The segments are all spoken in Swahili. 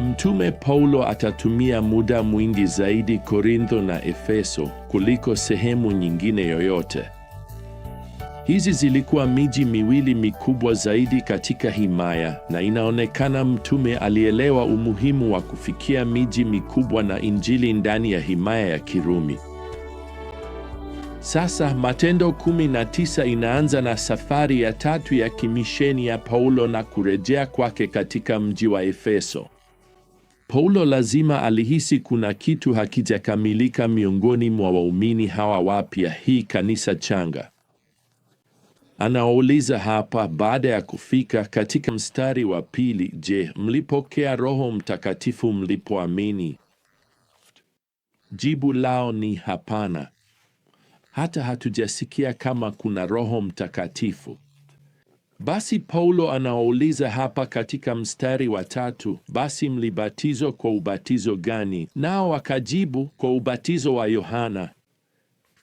Mtume Paulo atatumia muda mwingi zaidi Korintho na Efeso kuliko sehemu nyingine yoyote. Hizi zilikuwa miji miwili mikubwa zaidi katika himaya, na inaonekana mtume alielewa umuhimu wa kufikia miji mikubwa na injili ndani ya himaya ya Kirumi. Sasa Matendo 19 inaanza na safari ya tatu ya kimisheni ya Paulo na kurejea kwake katika mji wa Efeso. Paulo lazima alihisi kuna kitu hakijakamilika miongoni mwa waumini hawa wapya, hii kanisa changa. Anawauliza hapa baada ya kufika katika mstari wa pili, je, mlipokea Roho Mtakatifu mlipoamini? Jibu lao ni hapana. Hata hatujasikia kama kuna Roho Mtakatifu. Basi Paulo anawauliza hapa katika mstari wa tatu, basi mlibatizwa kwa ubatizo gani? Nao wakajibu kwa ubatizo wa Yohana.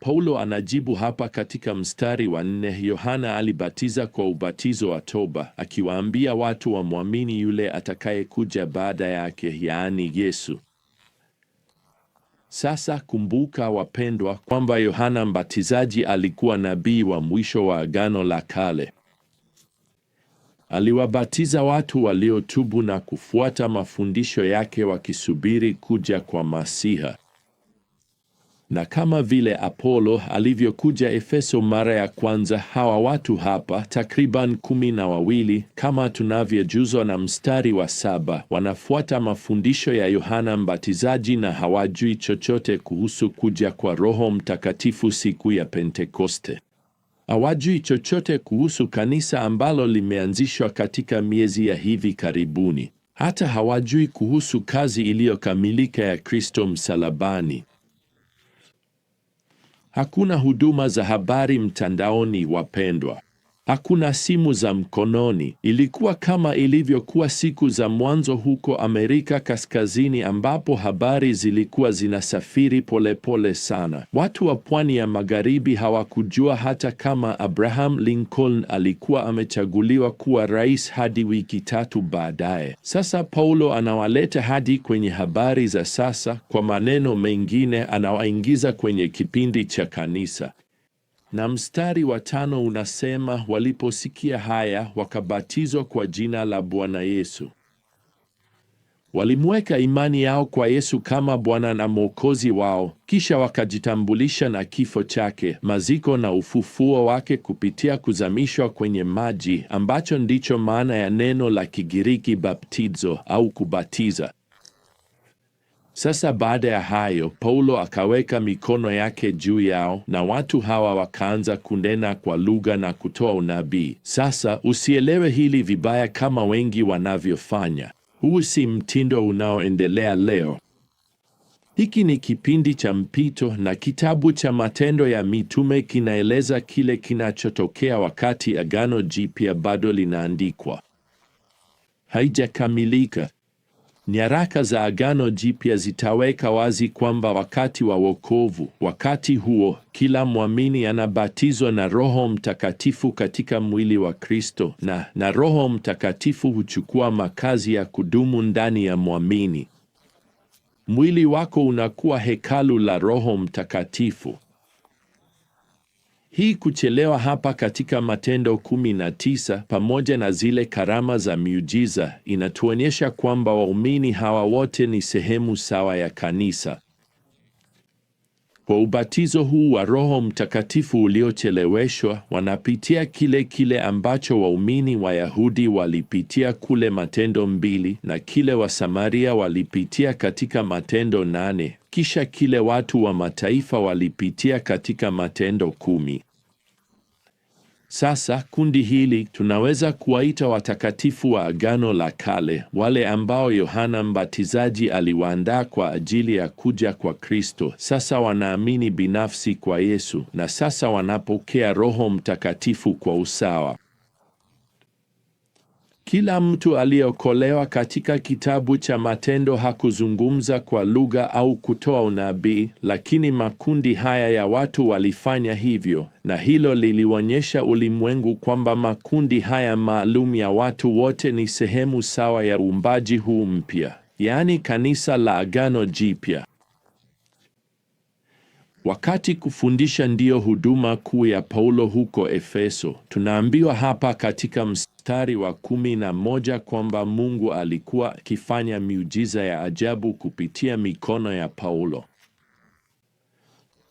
Paulo anajibu hapa katika mstari wa nne, Yohana alibatiza kwa ubatizo wa toba, akiwaambia watu wamwamini yule atakayekuja baada yake, yaani Yesu. Sasa kumbuka, wapendwa, kwamba Yohana Mbatizaji alikuwa nabii wa mwisho wa Agano la Kale aliwabatiza watu waliotubu na kufuata mafundisho yake wakisubiri kuja kwa Masiha. Na kama vile Apolo alivyokuja Efeso mara ya kwanza, hawa watu hapa takriban kumi na wawili, kama tunavyojuzwa na mstari wa saba, wanafuata mafundisho ya Yohana Mbatizaji na hawajui chochote kuhusu kuja kwa Roho Mtakatifu siku ya Pentekoste hawajui chochote kuhusu kanisa ambalo limeanzishwa katika miezi ya hivi karibuni. Hata hawajui kuhusu kazi iliyokamilika ya Kristo msalabani. Hakuna huduma za habari mtandaoni, wapendwa. Hakuna simu za mkononi. Ilikuwa kama ilivyokuwa siku za mwanzo huko Amerika Kaskazini, ambapo habari zilikuwa zinasafiri polepole pole sana. Watu wa pwani ya magharibi hawakujua hata kama Abraham Lincoln alikuwa amechaguliwa kuwa rais hadi wiki tatu baadaye. Sasa Paulo anawaleta hadi kwenye habari za sasa. Kwa maneno mengine, anawaingiza kwenye kipindi cha kanisa. Na mstari wa tano unasema, waliposikia haya wakabatizwa kwa jina la Bwana Yesu. Walimweka imani yao kwa Yesu kama Bwana na Mwokozi wao, kisha wakajitambulisha na kifo chake, maziko na ufufuo wake kupitia kuzamishwa kwenye maji, ambacho ndicho maana ya neno la Kigiriki baptizo au kubatiza. Sasa baada ya hayo, Paulo akaweka mikono yake juu yao na watu hawa wakaanza kunena kwa lugha na kutoa unabii. Sasa usielewe hili vibaya kama wengi wanavyofanya. Huu si mtindo unaoendelea leo. Hiki ni kipindi cha mpito na kitabu cha Matendo ya Mitume kinaeleza kile kinachotokea wakati Agano Jipya bado linaandikwa. Haijakamilika. Nyaraka za Agano Jipya zitaweka wazi kwamba wakati wa wokovu, wakati huo, kila mwamini anabatizwa na Roho Mtakatifu katika mwili wa Kristo, na na Roho Mtakatifu huchukua makazi ya kudumu ndani ya mwamini. Mwili wako unakuwa hekalu la Roho Mtakatifu. Hii kuchelewa hapa katika Matendo 19 pamoja na zile karama za miujiza inatuonyesha kwamba waumini hawa wote ni sehemu sawa ya kanisa. Kwa ubatizo huu wa Roho Mtakatifu uliocheleweshwa, wanapitia kile kile ambacho waumini Wayahudi walipitia kule Matendo mbili na kile Wasamaria walipitia katika Matendo nane, kisha kile watu wa mataifa walipitia katika Matendo kumi. Sasa kundi hili tunaweza kuwaita watakatifu wa Agano la Kale, wale ambao Yohana Mbatizaji aliwaandaa kwa ajili ya kuja kwa Kristo. Sasa wanaamini binafsi kwa Yesu na sasa wanapokea Roho Mtakatifu kwa usawa. Kila mtu aliyeokolewa katika kitabu cha Matendo hakuzungumza kwa lugha au kutoa unabii, lakini makundi haya ya watu walifanya hivyo, na hilo lilionyesha ulimwengu kwamba makundi haya maalum ya watu wote ni sehemu sawa ya uumbaji huu mpya, yaani kanisa la Agano Jipya. Wakati kufundisha ndiyo huduma kuu ya Paulo huko Efeso, tunaambiwa hapa katika mstari wa kumi na moja kwamba Mungu alikuwa akifanya miujiza ya ajabu kupitia mikono ya Paulo.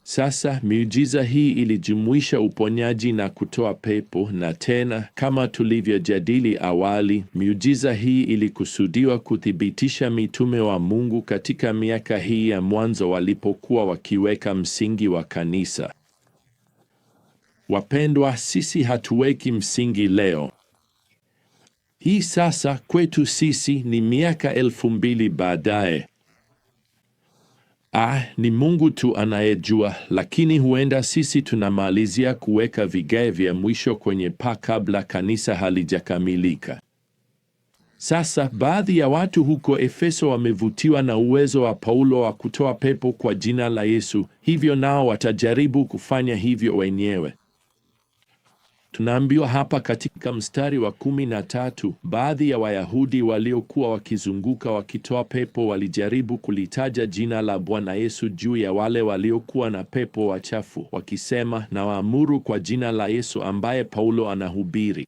Sasa miujiza hii ilijumuisha uponyaji na kutoa pepo, na tena kama tulivyojadili awali, miujiza hii ilikusudiwa kuthibitisha mitume wa Mungu katika miaka hii ya mwanzo walipokuwa wakiweka msingi wa kanisa. Wapendwa, sisi hatuweki msingi leo. Hii sasa kwetu sisi ni miaka elfu mbili baadaye. Ah, ni Mungu tu anayejua, lakini huenda sisi tunamalizia kuweka vigae vya mwisho kwenye paa kabla kanisa halijakamilika. Sasa baadhi ya watu huko Efeso wamevutiwa na uwezo wa Paulo wa kutoa pepo kwa jina la Yesu, hivyo nao watajaribu kufanya hivyo wenyewe. Tunaambiwa hapa katika mstari wa kumi na tatu, baadhi ya Wayahudi waliokuwa wakizunguka wakitoa pepo walijaribu kulitaja jina la Bwana Yesu juu ya wale waliokuwa na pepo wachafu, wakisema, na waamuru kwa jina la Yesu ambaye Paulo anahubiri.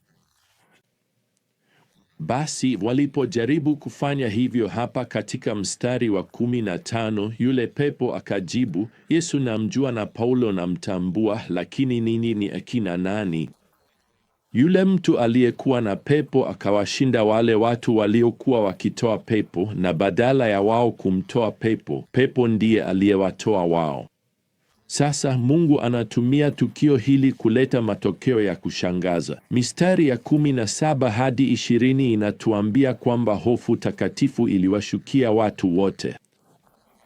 Basi walipojaribu kufanya hivyo, hapa katika mstari wa kumi na tano, yule pepo akajibu, Yesu namjua na Paulo namtambua, lakini ninyi ni akina nani? Yule mtu aliyekuwa na pepo akawashinda wale watu waliokuwa wakitoa pepo, na badala ya wao kumtoa pepo, pepo ndiye aliyewatoa wao. Sasa Mungu anatumia tukio hili kuleta matokeo ya kushangaza. Mistari ya 17 hadi 20 inatuambia kwamba hofu takatifu iliwashukia watu wote.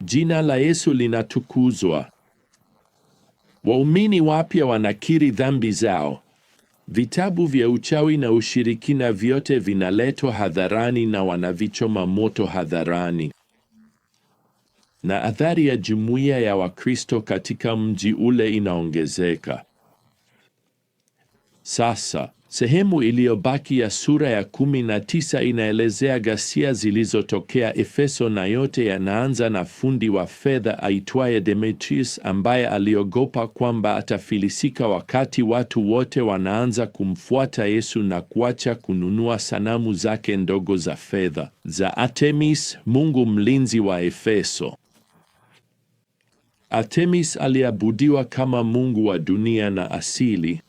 Jina la Yesu linatukuzwa. Waumini wapya wanakiri dhambi zao. Vitabu vya uchawi na ushirikina vyote vinaletwa hadharani na wanavichoma moto hadharani. Na athari ya jumuiya ya Wakristo katika mji ule inaongezeka. Sasa Sehemu iliyobaki ya sura ya kumi na tisa inaelezea ghasia zilizotokea Efeso na yote yanaanza na fundi wa fedha aitwaye Demetrius ambaye aliogopa kwamba atafilisika wakati watu wote wanaanza kumfuata Yesu na kuacha kununua sanamu zake ndogo za fedha za Artemis, mungu mlinzi wa Efeso. Artemis aliabudiwa kama mungu wa dunia na asili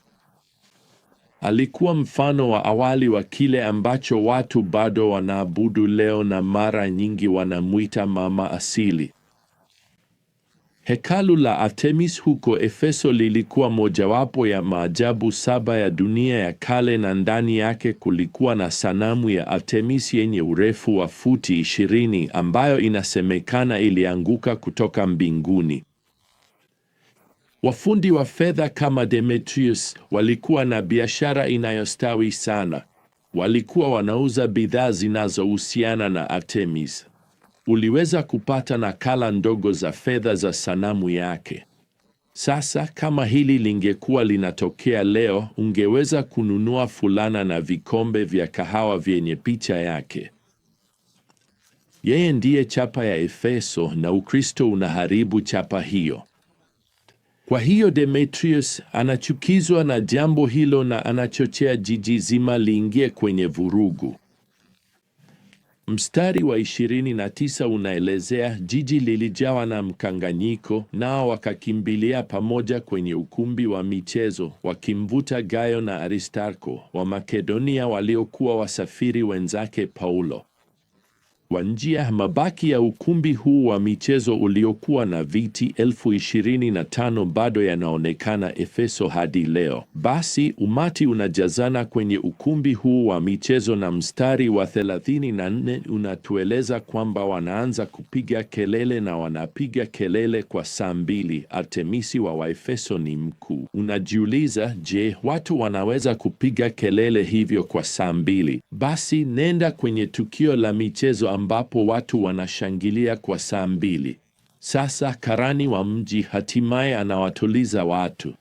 alikuwa mfano wa awali wa kile ambacho watu bado wanaabudu leo na mara nyingi wanamwita mama asili. Hekalu la Artemis huko Efeso lilikuwa mojawapo ya maajabu saba ya dunia ya kale, na ndani yake kulikuwa na sanamu ya Artemis yenye urefu wa futi 20 ambayo inasemekana ilianguka kutoka mbinguni. Wafundi wa fedha kama Demetrius walikuwa na biashara inayostawi sana. Walikuwa wanauza bidhaa zinazohusiana na Artemis. Uliweza kupata nakala ndogo za fedha za sanamu yake. Sasa kama hili lingekuwa linatokea leo, ungeweza kununua fulana na vikombe vya kahawa vyenye picha yake. Yeye ndiye chapa ya Efeso na Ukristo unaharibu chapa hiyo. Kwa hiyo Demetrius anachukizwa na jambo hilo na anachochea jiji zima liingie kwenye vurugu. Mstari wa 29 unaelezea jiji lilijawa na mkanganyiko, nao wakakimbilia pamoja kwenye ukumbi wa michezo, wakimvuta Gayo na Aristarko wa Makedonia waliokuwa wasafiri wenzake Paulo. Kwa njia, mabaki ya ukumbi huu wa michezo uliokuwa na viti elfu ishirini na tano bado yanaonekana Efeso hadi leo. Basi umati unajazana kwenye ukumbi huu wa michezo, na mstari wa 34 unatueleza kwamba wanaanza kupiga kelele na wanapiga kelele kwa saa mbili. Artemisi wa Waefeso ni mkuu. Unajiuliza, je, watu wanaweza kupiga kelele hivyo kwa saa mbili? Basi nenda kwenye tukio la michezo ambapo watu wanashangilia kwa saa mbili. Sasa karani wa mji hatimaye anawatuliza watu,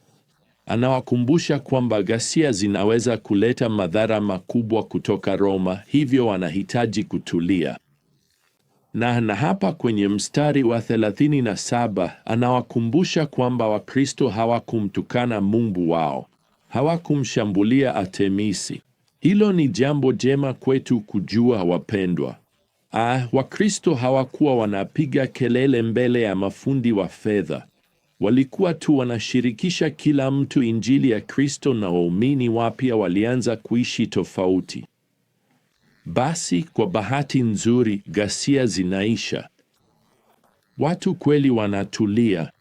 anawakumbusha kwamba ghasia zinaweza kuleta madhara makubwa kutoka Roma, hivyo wanahitaji kutulia. Na, na hapa kwenye mstari wa 37 anawakumbusha kwamba Wakristo hawakumtukana Mungu wao, hawakumshambulia Artemisi. Hilo ni jambo jema kwetu kujua, wapendwa. Ah, Wakristo hawakuwa wanapiga kelele mbele ya mafundi wa fedha. Walikuwa tu wanashirikisha kila mtu injili ya Kristo, na waumini wapya walianza kuishi tofauti. Basi kwa bahati nzuri, ghasia zinaisha, watu kweli wanatulia.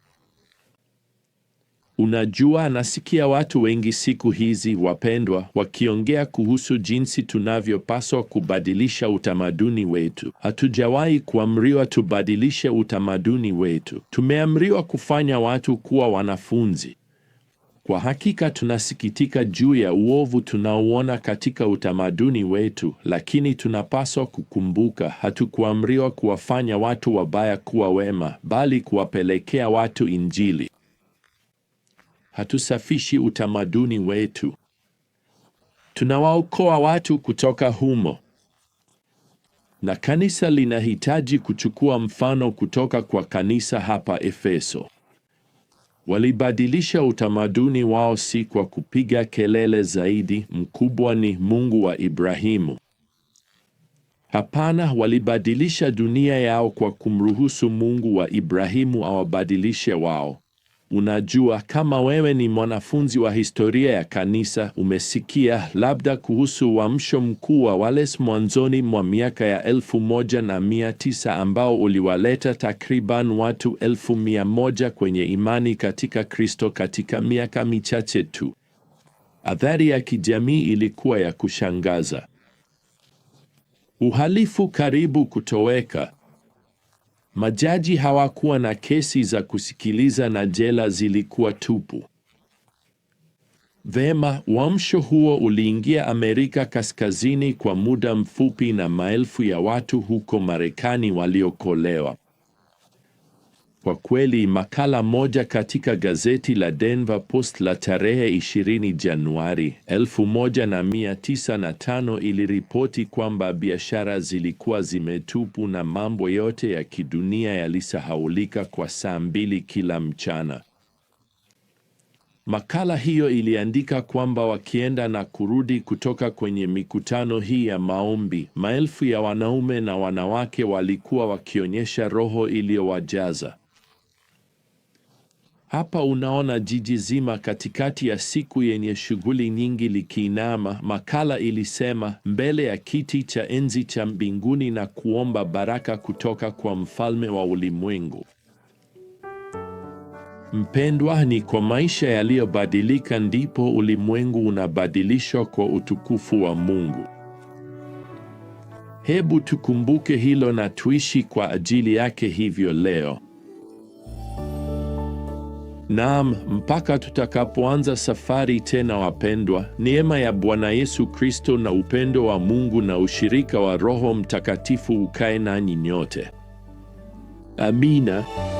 Unajua, nasikia watu wengi siku hizi, wapendwa, wakiongea kuhusu jinsi tunavyopaswa kubadilisha utamaduni wetu. Hatujawahi kuamriwa tubadilishe utamaduni wetu, tumeamriwa kufanya watu kuwa wanafunzi. Kwa hakika tunasikitika juu ya uovu tunaouona katika utamaduni wetu, lakini tunapaswa kukumbuka, hatukuamriwa kuwafanya watu wabaya kuwa wema, bali kuwapelekea watu Injili hatusafishi utamaduni wetu, tunawaokoa watu kutoka humo. Na kanisa linahitaji kuchukua mfano kutoka kwa kanisa hapa Efeso. Walibadilisha utamaduni wao si kwa kupiga kelele zaidi, mkubwa ni Mungu wa Ibrahimu. Hapana, walibadilisha dunia yao kwa kumruhusu Mungu wa Ibrahimu awabadilishe wao. Unajua, kama wewe ni mwanafunzi wa historia ya kanisa, umesikia labda kuhusu uamsho mkuu wa Wales mwanzoni mwa miaka ya elfu moja na mia tisa ambao uliwaleta takriban watu elfu mia moja kwenye imani katika Kristo katika miaka michache tu. Athari ya kijamii ilikuwa ya kushangaza. Uhalifu karibu kutoweka. Majaji hawakuwa na kesi za kusikiliza na jela zilikuwa tupu. Vema, uamsho huo uliingia Amerika Kaskazini kwa muda mfupi na maelfu ya watu huko Marekani waliokolewa. Kwa kweli makala moja katika gazeti la Denver Post la tarehe 20 Januari 1905 iliripoti kwamba biashara zilikuwa zimetupu na mambo yote ya kidunia yalisahaulika kwa saa mbili kila mchana. Makala hiyo iliandika kwamba wakienda na kurudi kutoka kwenye mikutano hii ya maombi, maelfu ya wanaume na wanawake walikuwa wakionyesha roho iliyowajaza hapa unaona jiji zima katikati ya siku yenye shughuli nyingi likiinama. Makala ilisema mbele ya kiti cha enzi cha mbinguni na kuomba baraka kutoka kwa mfalme wa ulimwengu. Mpendwa, ni kwa maisha yaliyobadilika ndipo ulimwengu unabadilishwa kwa utukufu wa Mungu. Hebu tukumbuke hilo na tuishi kwa ajili yake hivyo leo. Naam, mpaka tutakapoanza safari tena, wapendwa, neema ya Bwana Yesu Kristo na upendo wa Mungu na ushirika wa Roho Mtakatifu ukae nanyi nyote. Amina.